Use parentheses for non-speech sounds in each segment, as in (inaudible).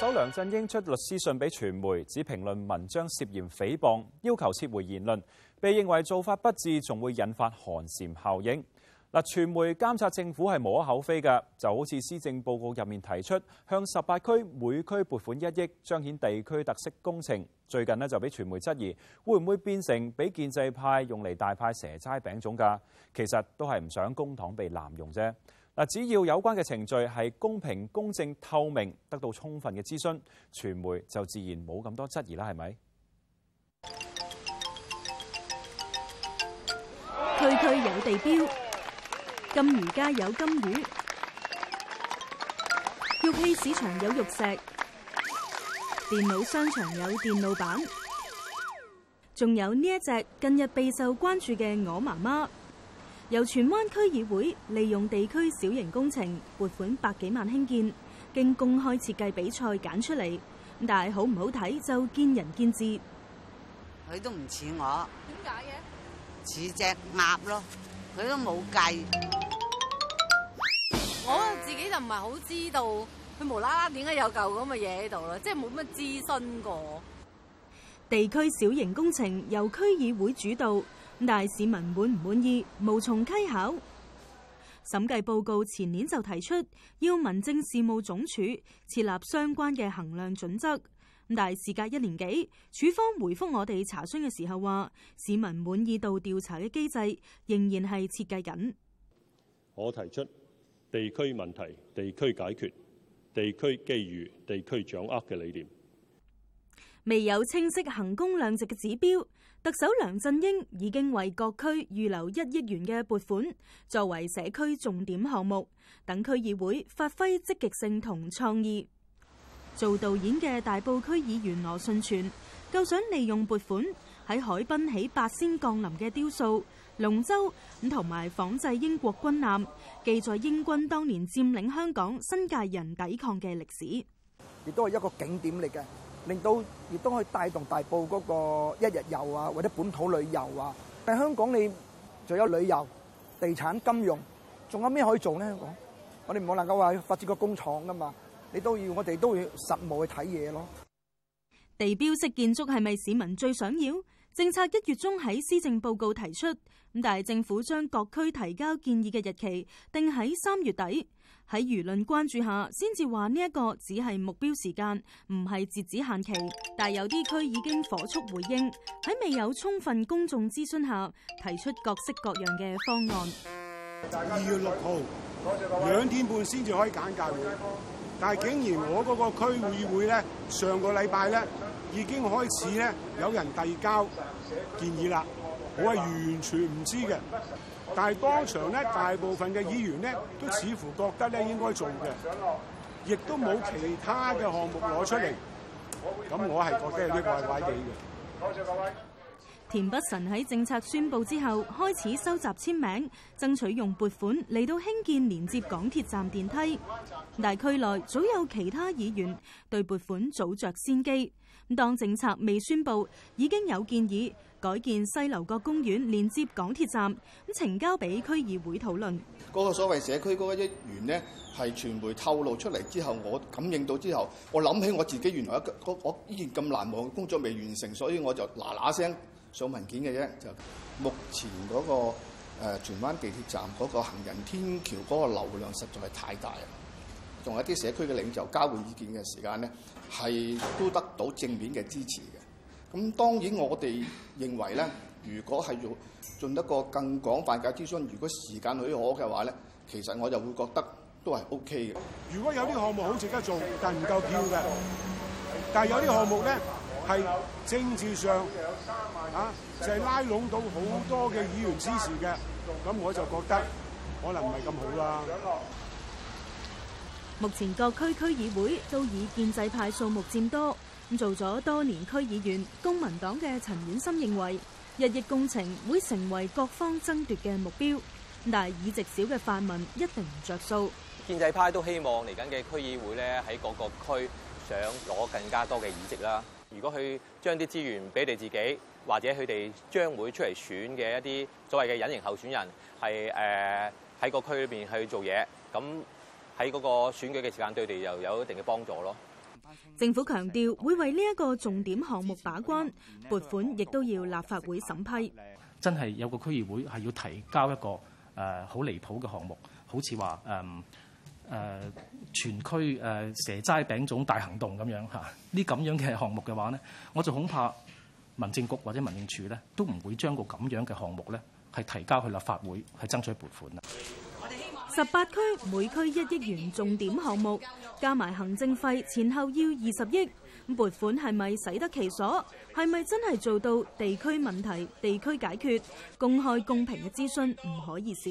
首梁振英出律師信俾傳媒，指評論文章涉嫌誹謗，要求撤回言論，被認為做法不智，仲會引發寒蟬效應。嗱，傳媒監察政府係無可厚非嘅，就好似施政報告入面提出向十八區每區撥款一億，彰顯地區特色工程，最近呢，就俾傳媒質疑，會唔會變成俾建制派用嚟大派蛇齋餅種㗎？其實都係唔想公帑被濫用啫。嗱，只要有關嘅程序係公平、公正、透明，得到充分嘅諮詢，傳媒就自然冇咁多質疑啦，係咪？區區有地標，金魚街有金魚，玉器市場有玉石，電腦商場有電腦板，仲有呢一隻近日備受關注嘅我媽媽。由荃灣區議會利用地區小型工程撥款百幾萬興建，經公開設計比賽揀出嚟。但係好唔好睇就見仁見智。佢都唔似我。點解嘅？似隻鴨咯，佢都冇計。我自己就唔係好知道佢無啦啦點解有嚿咁嘅嘢喺度咯，即係冇乜諮詢過。地區小型工程由區議會主導。但係市民滿唔滿意，無從稽考。審計報告前年就提出要民政事務總署設立相關嘅衡量準則，但係事隔一年幾，署方回覆我哋查詢嘅時候話，市民滿意度調查嘅機制仍然係設計緊。我提出地區問題、地區解決、地區機遇、地區掌握嘅理念。未有清晰衡工量值嘅指標，特首梁振英已經為各區預留一億元嘅撥款，作為社區重點項目，等區議會發揮積極性同創意。做導演嘅大埔區議員羅信全，夠想利用撥款喺海濱起八仙降臨嘅雕塑、龍舟咁同埋仿製英國軍艦，記載英軍當年佔領香港、新界人抵抗嘅歷史，亦都係一個景點嚟嘅。令到亦都可以帶動大埔嗰個一日遊啊，或者本土旅遊啊。但香港你仲有旅遊、地產、金融，仲有咩可以做咧？我我哋唔可能夠話發展個工廠噶嘛，你都要我哋都要實務去睇嘢咯。地標式建築係咪市民最想要？政策一月中喺施政報告提出，咁但係政府將各區提交建議嘅日期定喺三月底。喺輿論關注下，先至話呢一個只係目標時間，唔係截止限期。但係有啲區已經火速回應，喺未有充分公眾諮詢下，提出各式各樣嘅方案。二月六號，兩點半先至可以揀價。但係竟然我嗰個區議會咧，上個禮拜咧，已經開始咧有人遞交建議啦。我係完全唔知嘅。但係當場咧，大部分嘅議員呢，都似乎覺得咧應該做嘅，亦都冇其他嘅項目攞出嚟。咁我係覺得係有啲怪怪哋嘅。多謝各位。田北辰喺政策宣佈之後開始收集簽名，爭取用撥款嚟到興建連接港鐵站電梯。但係區內早有其他議員對撥款早着先機。當政策未宣布，已經有建議改建西樓角公園連接港鐵站，咁呈交俾區議會討論。嗰個所謂社區嗰個一員呢，係傳媒透露出嚟之後，我感應到之後，我諗起我自己原來一個我我依然咁難忘嘅工作未完成，所以我就嗱嗱聲上文件嘅啫。就目前嗰個誒，荃灣地鐵站嗰個行人天橋嗰個流量實在係太大。同一啲社區嘅領袖交換意見嘅時間咧，係都得到正面嘅支持嘅。咁當然我哋認為咧，如果係要進一個更廣泛嘅諮詢，如果時間許可嘅話咧，其實我就會覺得都係 OK 嘅。如果有啲項目好值得做，但唔夠票嘅，但係有啲項目咧係政治上啊，就係、是、拉攏到好多嘅議員支持嘅，咁我就覺得可能唔係咁好啦、啊。目前各區區議會都以建制派數目占多，咁做咗多年區議員，公民黨嘅陳婉心認為，一億工程會成為各方爭奪嘅目標，但係議席少嘅泛民一定唔着數。建制派都希望嚟緊嘅區議會咧，喺各個區想攞更加多嘅議席啦。如果佢將啲資源俾你自己，或者佢哋將會出嚟選嘅一啲所謂嘅隱形候選人，係誒喺個區裏邊去做嘢，咁。喺嗰個選舉嘅時間對我哋又有一定嘅幫助咯。政府強調會為呢一個重點項目把關，撥款亦都要立法會審批。真係有個區議會係要提交一個誒好離譜嘅項目，好似話誒誒全區誒、呃、蛇齋餅種大行動咁樣嚇。呢咁樣嘅項目嘅話呢，我就恐怕民政局或者民政處呢都唔會將個咁樣嘅項目呢係提交去立法會去爭取撥款啦。十八區每區一億元重點項目，加埋行政費前後要二十億，咁撥款係咪使得其所？係咪真係做到地區問題地區解決？公開公平嘅資訊唔可以少。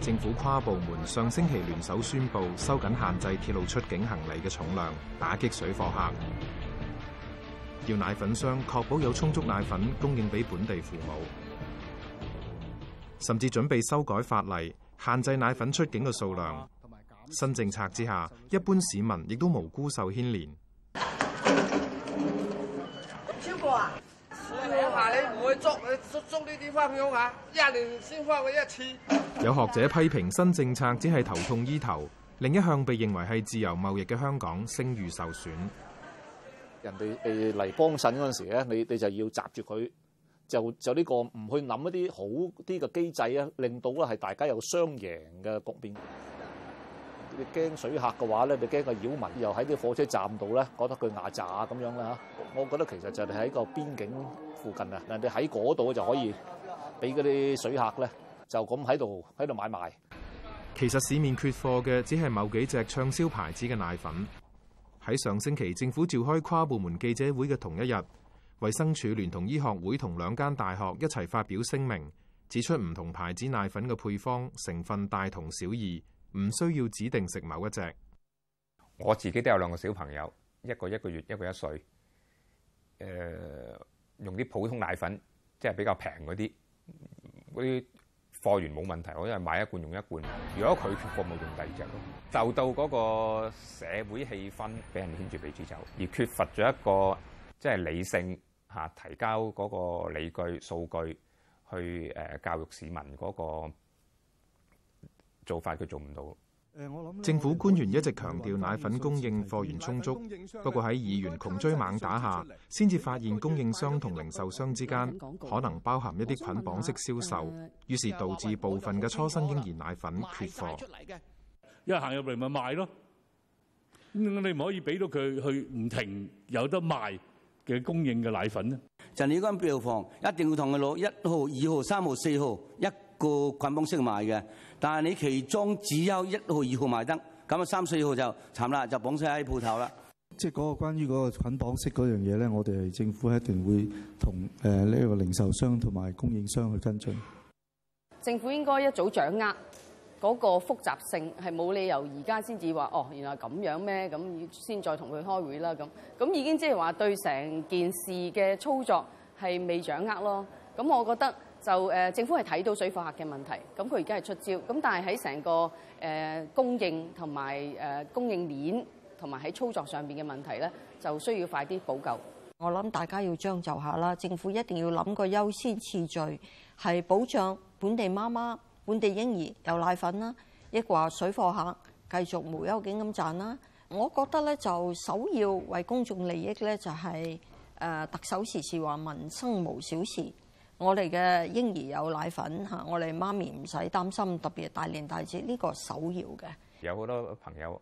政府跨部門上星期聯手宣布收緊限制鐵路出境行李嘅重量，打擊水貨客；要奶粉商確保有充足奶粉供應俾本地父母，甚至準備修改法例，限制奶粉出境嘅數量。新政策之下，一般市民亦都無辜受牽連。超捉捉捉呢啲花咁樣啊！一年先返去一次。有學者批評新政策只係頭痛醫頭， (laughs) 另一項被認為係自由貿易嘅香港聲譽受損。人哋誒嚟幫襯嗰陣時咧，你你，你就要閘住佢，就就呢、呢個唔去諗一啲好啲嘅機制啊，令到咧係大家有雙贏嘅局面。你驚水客嘅話咧，你驚個擾民又喺啲火車站度咧，覺得佢牙擦咁樣啦吓。我覺得其實就係喺個邊境。附近啊，人哋喺嗰度就可以俾嗰啲水客咧，就咁喺度喺度買賣。其實市面缺貨嘅只係某幾隻暢銷牌子嘅奶粉。喺上星期政府召開跨部門記者會嘅同一日，衛生署聯同醫學會同兩間大學一齊發表聲明，指出唔同牌子奶粉嘅配方成分大同小異，唔需要指定食某一隻。我自己都有兩個小朋友，一個一個月，一個一歲誒。呃用啲普通奶粉，即係比較平嗰啲，嗰啲貨源冇問題，我因為買一罐用一罐，如果佢貨冇用第二隻，就到嗰個社會氣氛俾人牽住鼻子走，而缺乏咗一個即係理性吓提交嗰個理據數據去誒、呃、教育市民嗰個做法，佢做唔到。政府官員一直強調奶粉供應貨源充足，不過喺議員窮追猛打下，先至發現供應商同零售商之間可能包含一啲捆綁式銷售，於是導致部分嘅初生嬰兒奶粉缺貨。因為行入嚟咪賣咯，你唔可以俾到佢去唔停有得賣嘅供應嘅奶粉咧？就你嗰間票房，一定要同佢攞一號、二號、三號、四號一。個捆綁式賣嘅，但係你其中只有一號、二號賣得，咁啊三、四號就慘啦，就綁死喺鋪頭啦。即係嗰個關於嗰個捆綁式嗰樣嘢咧，我哋係政府係一定會同誒呢個零售商同埋供應商去跟進。政府應該一早掌握嗰個複雜性，係冇理由而家先至話哦，原來咁樣咩咁，先再同佢開會啦咁。咁已經即係話對成件事嘅操作係未掌握咯。咁我覺得。就誒，政府係睇到水貨客嘅問題，咁佢而家係出招，咁但係喺成個誒供應同埋誒供應鏈同埋喺操作上邊嘅問題咧，就需要快啲補救。我諗大家要將就下啦，政府一定要諗個優先次序，係保障本地媽媽、本地嬰兒有奶粉啦，亦話水貨客繼續無休止咁賺啦。我覺得咧就首要為公眾利益咧就係誒特首時時話民生無小事。我哋嘅嬰兒有奶粉嚇，我哋媽咪唔使擔心，特別係大年大節呢個首要嘅。有好多朋友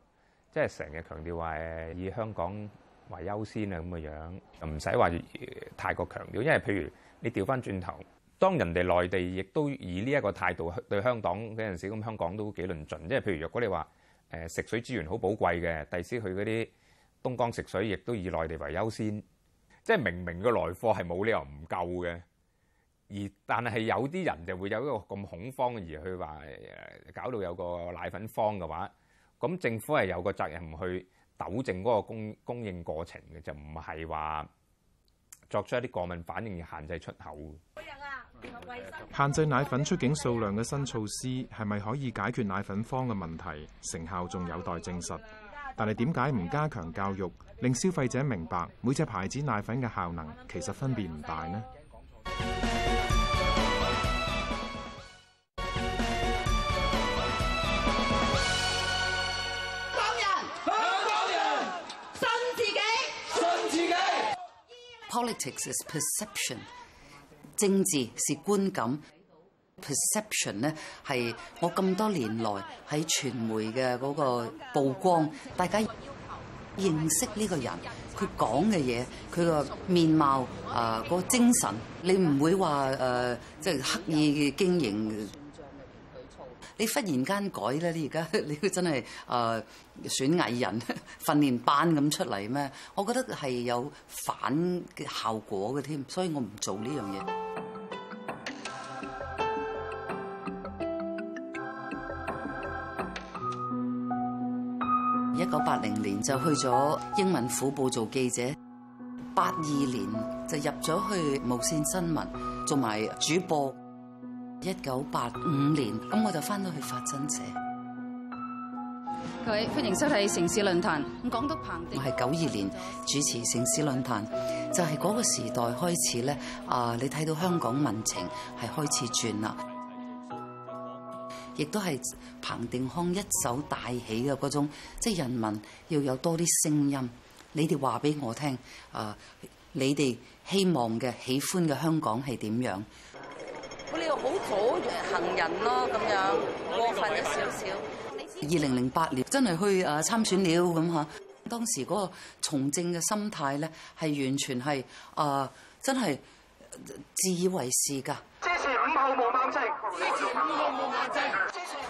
即係成日強調話誒，以香港為優先啊咁嘅樣，唔使話太過強調。因為譬如你調翻轉頭，當人哋內地亦都以呢一個態度對香港嗰陣時，咁香港都幾論盡。即係譬如，如果你話誒食水資源好寶貴嘅，第時佢嗰啲東江食水亦都以內地為優先，即係明明個來貨係冇理由唔夠嘅。而但係有啲人就會有一個咁恐慌，而去話誒搞到有個奶粉荒嘅話，咁政府係有個責任去糾正嗰個供供應過程嘅，就唔係話作出一啲過敏反應而限制出口。限制奶粉出境數量嘅新措施係咪可以解決奶粉荒嘅問題？成效仲有待證實。但係點解唔加強教育，令消費者明白每隻牌子奶粉嘅效能其實分別唔大呢？Politics is perception，政治是觀感。Perception 咧係我咁多年來喺傳媒嘅嗰個曝光，大家認識呢個人，佢講嘅嘢，佢個面貌啊，嗰個精神，你唔會話誒，即係刻意經營。你忽然間改咧，你而家你真係誒、呃、選藝人訓練班咁出嚟咩？我覺得係有反嘅效果嘅添，所以我唔做呢樣嘢。一九八零年就去咗英文虎報做記者，八二年就入咗去無線新聞做埋主播。一九八五年，咁我就翻到去發真者。各位歡迎收睇城市論壇。咁講到彭定，我係九二年主持城市論壇，就係嗰個時代開始咧。啊，你睇到香港民情係開始轉啦，亦都係彭定康一手帶起嘅嗰種，即係人民要有多啲聲音，你哋話俾我聽啊，你哋希望嘅、喜歡嘅香港係點樣？我哋又好阻住行人咯，咁樣過分咗少少。二零零八年真係去啊參選了咁吓，當時嗰個從政嘅心態咧係完全係啊、呃、真係自以為是㗎。支持五號毛孟靜，支持五號毛孟靜。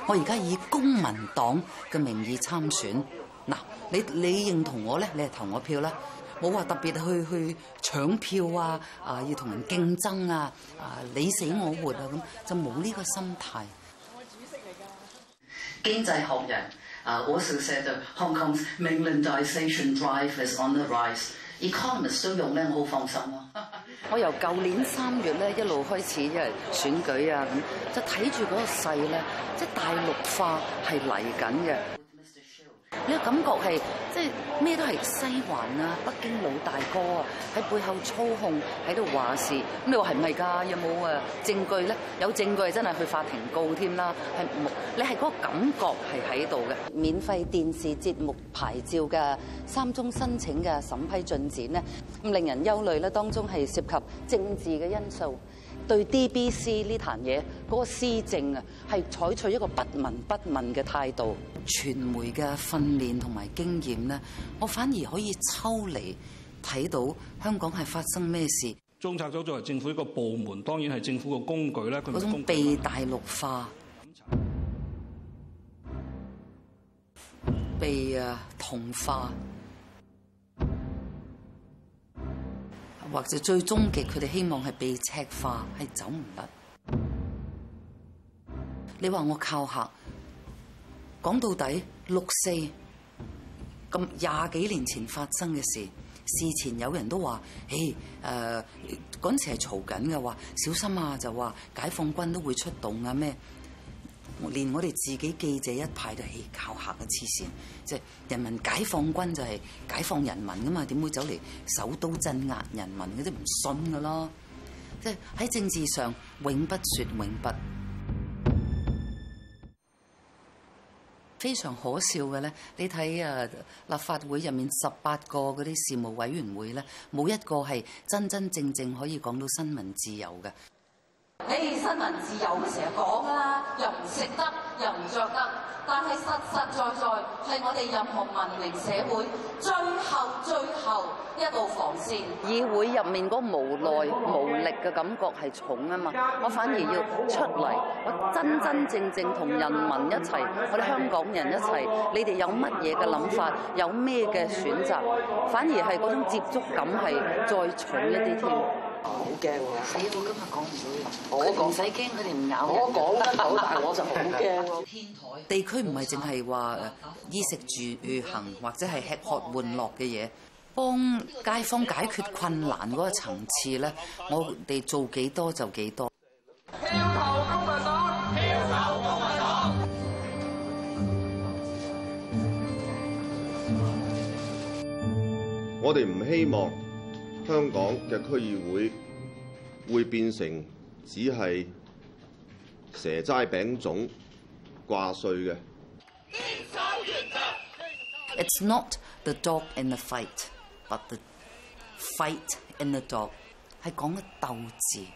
我而家以公民黨嘅名義參選，嗱你你認同我咧，你係投我票啦。冇話特別去去搶票啊！啊，要同人競爭啊！啊，你死我活啊！咁、啊、就冇呢個心態。經濟學人啊，我所說的 Hong Kong's mainlandisation drive is on the rise。Economist 都用咧，我好放心咯、啊。 (laughs) 我由舊年三月咧一路開始，一係選舉啊咁，就睇住嗰個勢咧，即、就、係、是、大陸化係嚟緊嘅。你嘅感覺係，即係咩都係西環啊，北京老大哥啊，喺背後操控，喺度話事。咁你話係唔係㗎？有冇啊證據咧？有證據真係去法庭告添啦。係冇，你係嗰個感覺係喺度嘅。免費電視節目牌照嘅三宗申請嘅審批進展咧，咁令人憂慮咧。當中係涉及政治嘅因素。對 DBC 呢壇嘢嗰個施政啊，係採取一個不聞不問嘅態度。傳媒嘅訓練同埋經驗咧，我反而可以抽離睇到香港係發生咩事。中策組作為政府一個部門，當然係政府嘅工具啦。嗰種被大陸化、茶被啊同化。或者最終極，佢哋希望係被赤化，係走唔甩。你話我靠客，講到底六四咁廿幾年前發生嘅事，事前有人都話，誒，嗰、呃、陣時係嘈緊嘅話，小心啊！就話解放軍都會出動啊咩？連我哋自己記者一派都係、哎、靠下嘅黐線，即係人民解放軍就係解放人民噶嘛，點會走嚟首都鎮壓人民嘅啫？唔信嘅咯，即係喺政治上永不說永不。 (music) 非常可笑嘅咧，你睇啊，立法會入面十八個嗰啲事務委員會咧，冇一個係真真正正可以講到新聞自由嘅。誒，新聞自由成日講啦，又唔食得，又唔着得，但係實實在在係我哋任何文明社會最後最後一道防線。議會入面嗰無奈無力嘅感覺係重啊嘛，我反而要出嚟，我真真正正同人民一齊，我哋香港人一齊，你哋有乜嘢嘅諗法，有咩嘅選擇，反而係嗰種接觸感係再重一啲添。好驚喎！啊、死我今日講唔到，我唔使驚佢哋唔咬。我講得到，但 (laughs) 我就好驚喎。天台地區唔係淨係話衣食住行或者係吃喝玩樂嘅嘢，幫街坊解決困難嗰個層次咧，我哋做幾多就幾多。跳頭公民黨，跳頭公民黨。我哋唔希望。香港嘅區議會會變成只係蛇齋餅種掛帥嘅。It's not the dog in the fight, but the fight in the dog。係講嘅鬥志。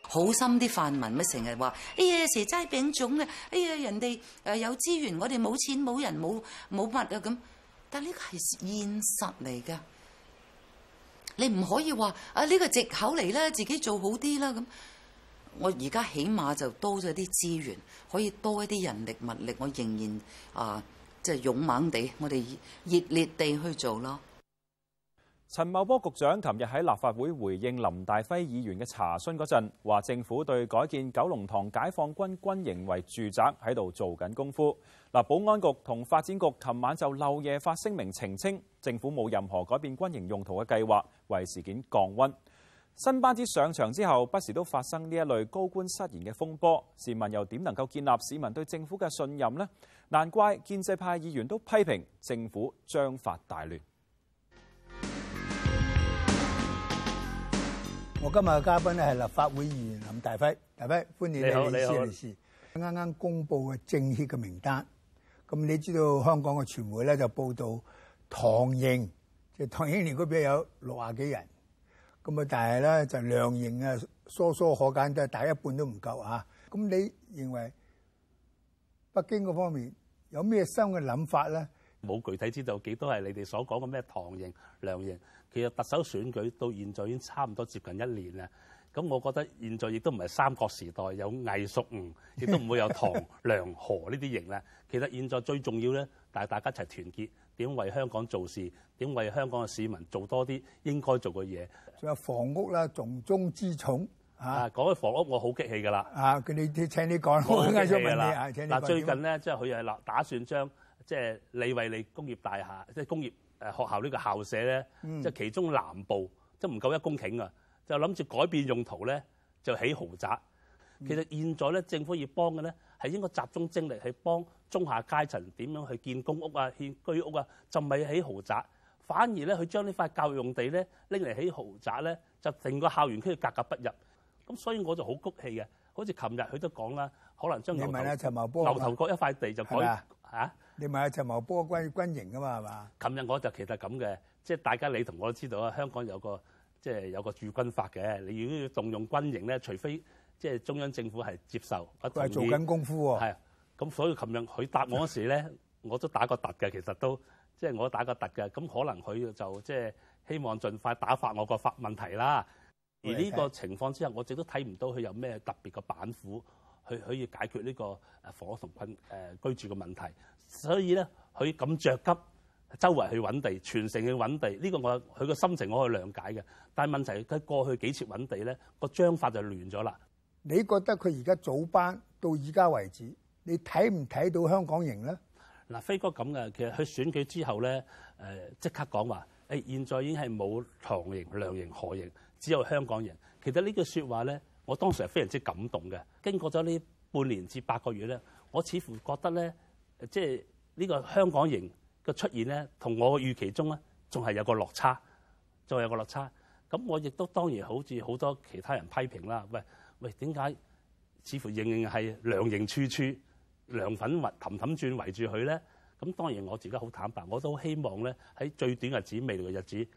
好心啲泛民咪成日話：哎呀，蛇齋餅種啊！哎呀，人哋誒有資源，我哋冇錢、冇人、冇冇物啊咁。但係呢個係現實嚟㗎。你唔可以話啊！呢個藉口嚟啦，自己做好啲啦咁。我而家起碼就多咗啲資源，可以多一啲人力物力。我仍然啊，即係勇猛地，我哋熱烈地去做咯。陳茂波局長琴日喺立法會回應林大輝議員嘅查詢嗰陣，話政府對改建九龍塘解放軍軍營為住宅喺度做緊功夫。嗱，保安局同發展局琴晚就漏夜發聲明澄清，政府冇任何改變軍營用途嘅計劃，為事件降温。新班子上場之後，不時都發生呢一類高官失言嘅風波，市民又點能夠建立市民對政府嘅信任呢？難怪建制派議員都批評政府章法大亂。我今日嘅嘉賓呢係立法會議員林大輝，大輝，歡迎你。你好，你好。啱啱公布嘅政協嘅名單。咁你知道香港嘅傳媒咧，就報道唐營，即係唐英年嗰邊有六啊幾人咁啊，但係咧就梁營啊，疏疏可憐都係大一半都唔夠啊。咁你認為北京嗰方面有咩新嘅諗法咧？冇具體知道幾多係你哋所講嘅咩唐營、梁營。其實特首選舉到現在已經差唔多接近一年啦。咁我覺得現在亦都唔係三國時代有魏蜀吳，亦都唔會有唐、梁、何呢啲型啦。其實現在最重要咧，係大家一齊團結，點為香港做事，點為香港嘅市民做多啲應該做嘅嘢。仲有房屋啦，重中之重啊！講起、啊、房屋，我好激氣㗎啦！啊，佢你請你講，我想問你啊，了你講最近咧麼即係佢又係啦打算將即係李惠利工業大廈，即係工業誒學校呢個校舍咧，嗯、即係其中南部即係唔夠一公頃啊！就諗住改變用途咧，就起豪宅。嗯、其實現在咧，政府要幫嘅咧，係應該集中精力去幫中下階層點樣去建公屋啊、建居屋啊，就唔係起豪宅。反而咧，佢將呢塊教育用地咧，拎嚟起豪宅咧，就成個校園區格格不入。咁所以我就好谷氣嘅。好似琴日佢都講啦，可能將你問阿陳茂波，牛頭角一塊地就改嚇？是吧啊、你問阿陳茂波軍軍營㗎嘛係嘛？琴日我就其實咁嘅，即係大家你同我都知道啊，香港有個。即係有個駐軍法嘅，你要要動用軍營咧，除非即係中央政府係接受不斷。係做緊功夫喎、哦。係咁，所以琴日佢答我嗰時咧， (laughs) 我都打個突嘅。其實都即係我打個突嘅。咁可能佢就即係希望盡快打發我個發問題啦。 (laughs) 而呢個情況之下，我亦都睇唔到佢有咩特別嘅板斧去可以解決呢個誒火同軍誒、呃、居住嘅問題，所以咧，佢咁着急。周圍去揾地，全城去揾地。呢、這個我佢個心情我可以諒解嘅，但係問題佢過去幾次揾地咧，個章法就亂咗啦。你覺得佢而家早班到而家為止，你睇唔睇到香港型咧？嗱，飛哥咁嘅，其實佢選舉之後咧，誒、呃、即刻講話誒，現在已經係冇唐型、梁型、何型，只有香港型。其實這句話呢句説話咧，我當時係非常之感動嘅。經過咗呢半年至八個月咧，我似乎覺得咧，即係呢個香港型。個出現咧，同我預期中咧，仲係有個落差，仲有個落差。咁我亦都當然好似好多其他人批評啦。喂喂，點解似乎仍然係梁營處處，梁粉圍氹氹轉圍住佢咧？咁當然我自己好坦白，我都希望咧喺最短日子未來嘅日子，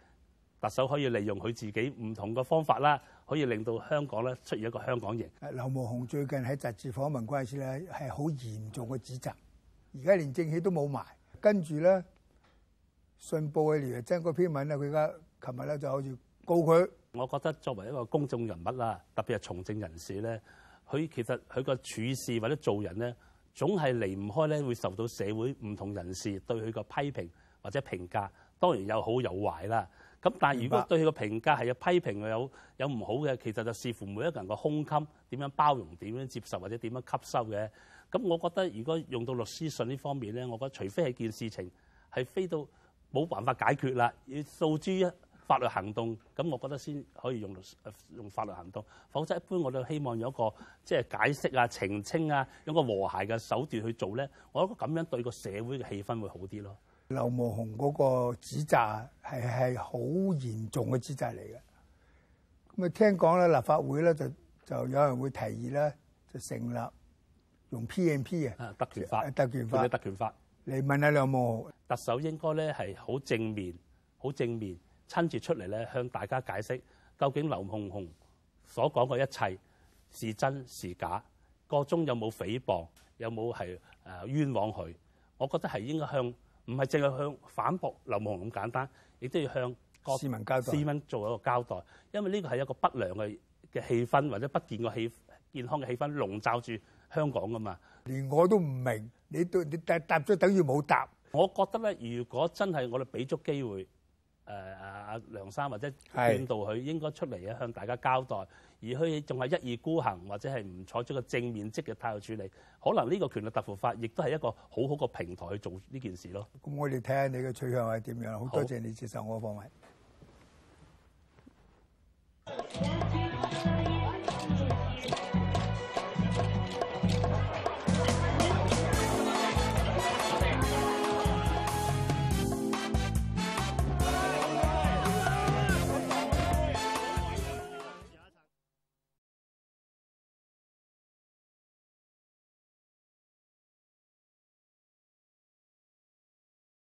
特首可以利用佢自己唔同嘅方法啦，可以令到香港咧出現一個香港型。劉夢熊最近喺雜誌訪問嗰陣時咧，係好嚴重嘅指責，而家連正氣都冇埋。跟住咧，信報嘅嚟來將個篇文咧，佢而家琴日咧就好似告佢。我覺得作為一個公眾人物啦，特別係從政人士咧，佢其實佢個處事或者做人咧，總係離唔開咧，會受到社會唔同人士對佢個批評或者評價。當然有好有壞啦。咁但係如果對佢個評價係有批評又有有唔好嘅，其實就視乎每一個人個胸襟點樣包容、點樣接受或者點樣吸收嘅。咁我覺得，如果用到律師信呢方面咧，我覺得除非係件事情係飛到冇辦法解決啦，要訴諸法律行動，咁我覺得先可以用律用法律行動，否則一般我都希望有一個即係解釋啊、澄清啊，用個和諧嘅手段去做咧，我覺得咁樣對個社會嘅氣氛會好啲咯。劉慕雄嗰個指責係係好嚴重嘅指責嚟嘅，咁啊聽講咧立法會咧就就有人會提議咧就成立。用 p n p 嘅特權法，佢嘅特權法。權法你問下梁武，特首應該咧係好正面、好正面親自出嚟咧，向大家解釋究竟劉夢熊所講嘅一切是真是假，個中有冇誹謗，有冇係誒冤枉佢？我覺得係應該向唔係淨係向反駁劉夢熊咁簡單，亦都要向各市民交代市民做一個交代，因為呢個係一個不良嘅嘅氣氛，或者不健康氣健康嘅氣氛，籠罩住。香港噶嘛，連我都唔明，你對你答答咗，等於冇答。我覺得咧，如果真係我哋俾足機會，誒阿梁生或者領導佢應該出嚟啊，向大家交代，而佢仲係一意孤行，或者係唔採取個正面積極態度處理，可能呢個權力達腐法，亦都係一個好好個平台去做呢件事咯。咁我哋睇下你嘅取向係點樣，好多謝你接受我嘅訪問。